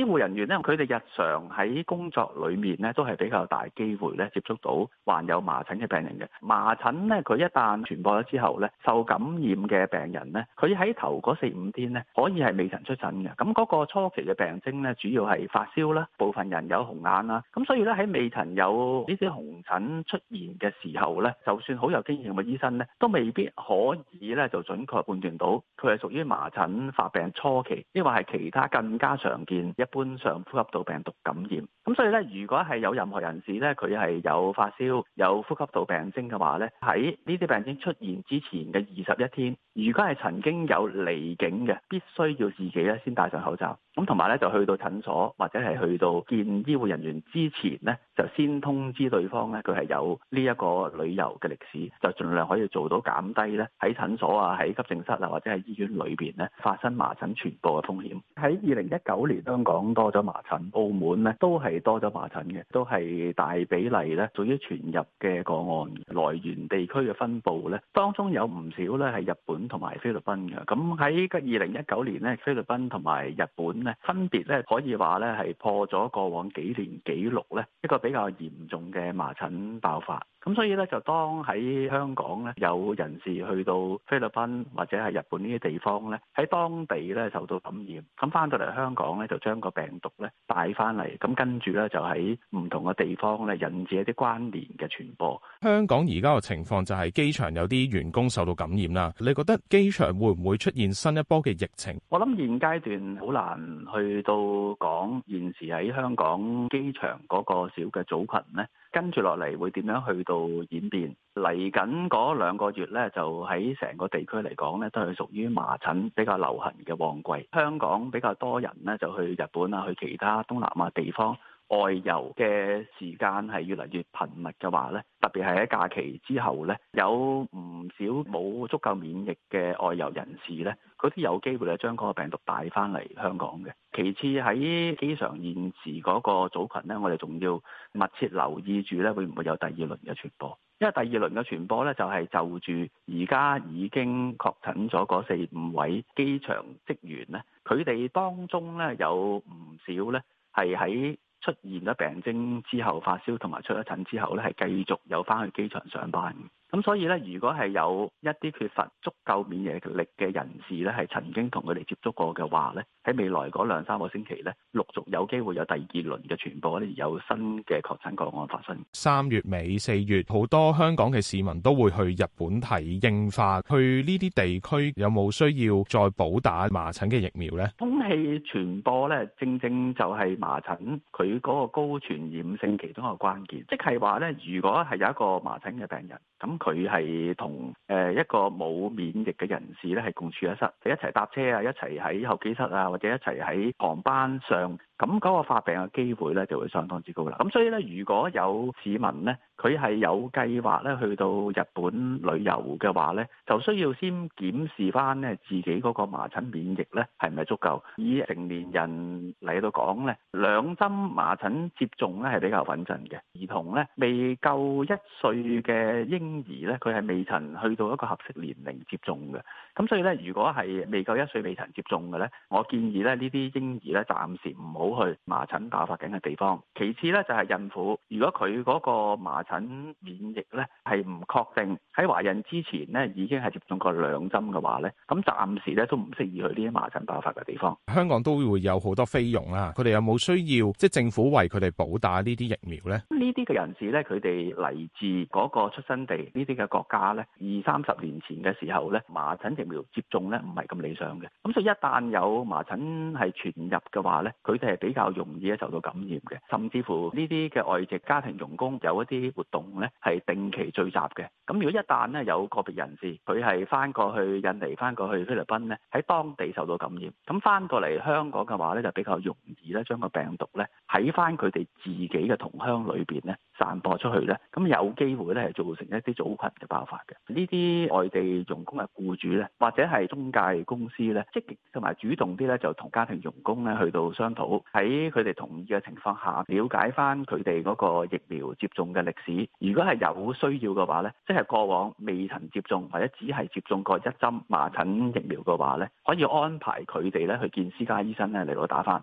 醫護人員咧，佢哋日常喺工作裏面咧，都係比較大機會咧接觸到患有麻疹嘅病人嘅。麻疹咧，佢一旦傳播咗之後咧，受感染嘅病人咧，佢喺頭嗰四五天咧，可以係未曾出診嘅。咁、那、嗰個初期嘅病徵咧，主要係發燒啦，部分人有紅眼啦。咁所以咧，喺未曾有呢啲紅疹出現嘅時候咧，就算好有經驗嘅醫生咧，都未必可以咧就準確判斷到佢係屬於麻疹發病初期，抑或係其他更加常見一般上呼吸道病毒感染，咁所以咧，如果係有任何人士咧，佢係有發燒有呼吸道病徵嘅話咧，喺呢啲病徵出現之前嘅二十一天，如果係曾經有離境嘅，必須要自己咧先戴上口罩，咁同埋咧就去到診所或者係去到見醫護人員之前咧，就先通知對方咧佢係有呢一個旅遊嘅歷史，就盡量可以做到減低咧喺診所啊、喺急症室啊或者喺醫院裏邊咧發生麻疹傳播嘅風險，喺二零一九年香港。講多咗麻疹，澳門咧都係多咗麻疹嘅，都係大比例咧。屬於傳入嘅個案來源地區嘅分佈咧，當中有唔少咧係日本同埋菲律賓嘅。咁喺二零一九年咧，菲律賓同埋日本咧分別咧可以話咧係破咗過往幾年紀錄咧一個比較嚴重嘅麻疹爆發。咁所以咧就當喺香港咧有人士去到菲律賓或者係日本呢啲地方咧，喺當地咧受到感染，咁翻到嚟香港咧就將個病毒咧帶翻嚟，咁跟住咧就喺唔同嘅地方咧引致一啲關聯嘅傳播。香港而家嘅情況就係機場有啲員工受到感染啦。你覺得機場會唔會出現新一波嘅疫情？我諗現階段好難去到講現時喺香港機場嗰個小嘅組群呢。跟住落嚟會點樣去到演變？嚟緊嗰兩個月呢，就喺成個地區嚟講呢，都係屬於麻疹比較流行嘅旺季。香港比較多人呢，就去日本啊，去其他東南亞地方外遊嘅時間係越嚟越頻密嘅話呢，特別係喺假期之後呢，有唔少冇足夠免疫嘅外遊人士呢，嗰啲有機會咧將嗰個病毒帶翻嚟香港嘅。其次喺機場現時嗰個組群呢，我哋仲要密切留意住呢會唔會有第二輪嘅傳播，因為第二輪嘅傳播呢，就係就住而家已經確診咗嗰四五位機場職員呢，佢哋當中呢，有唔少呢係喺出現咗病徵之後發燒，同埋出咗診之後呢，係繼續有翻去機場上班。咁所以咧，如果係有一啲缺乏足夠免疫力嘅人士咧，係曾經同佢哋接觸過嘅話咧，喺未來嗰兩三個星期咧，陸續有機會有第二輪嘅傳播，咧有新嘅確診個案發生。三月尾四月，好多香港嘅市民都會去日本睇櫻花，去呢啲地區有冇需要再補打麻疹嘅疫苗咧？空氣傳播咧，正正就係麻疹佢嗰個高傳染性其中一個關鍵，即係話咧，如果係有一個麻疹嘅病人咁。佢係同誒一個冇免疫嘅人士咧，係共處一室，一齊搭車啊，一齊喺候機室啊，或者一齊喺航班上。咁嗰個發病嘅機會咧就會相當之高啦。咁所以咧，如果有市民咧，佢係有計劃咧去到日本旅遊嘅話咧，就需要先檢視翻咧自己嗰個麻疹免疫咧係唔係足夠。以成年人嚟到講咧，兩針麻疹接種咧係比較穩陣嘅。兒童咧，未夠一歲嘅嬰兒咧，佢係未曾去到一個合適年齡接種嘅。咁所以咧，如果係未夠一歲未曾接種嘅咧，我建議咧呢啲嬰兒咧暫時唔好去麻疹爆發嘅地方，其次咧就係、是、孕婦，如果佢嗰個麻疹免疫咧係唔確定，喺懷孕之前咧已經係接種過兩針嘅話咧，咁暫時咧都唔適宜去呢啲麻疹爆發嘅地方。香港都會有好多菲傭啦、啊，佢哋有冇需要即係政府為佢哋補打呢啲疫苗咧？呢啲嘅人士咧，佢哋嚟自嗰個出生地呢啲嘅國家咧，二三十年前嘅時候咧，麻疹疫苗接種咧唔係咁理想嘅，咁所以一旦有麻疹係傳入嘅話咧，佢哋係。比較容易咧受到感染嘅，甚至乎呢啲嘅外籍家庭傭工有一啲活動咧係定期聚集嘅。咁如果一旦咧有個別人士佢係返過去印尼、返過去菲律賓呢，喺當地受到感染，咁返過嚟香港嘅話呢，就比較容易咧將個病毒呢喺返佢哋自己嘅同鄉裏邊呢散播出去呢，咁有機會呢係造成一啲組群嘅爆發嘅。呢啲外地傭工嘅僱主呢，或者係中介公司呢，積極同埋主動啲呢，就同家庭傭工呢去到商討。喺佢哋同意嘅情況下，了解翻佢哋嗰個疫苗接種嘅歷史。如果係有需要嘅話呢，即係過往未曾接種，或者只係接種過一針麻疹疫苗嘅話呢，可以安排佢哋咧去見私家醫生咧嚟到打翻。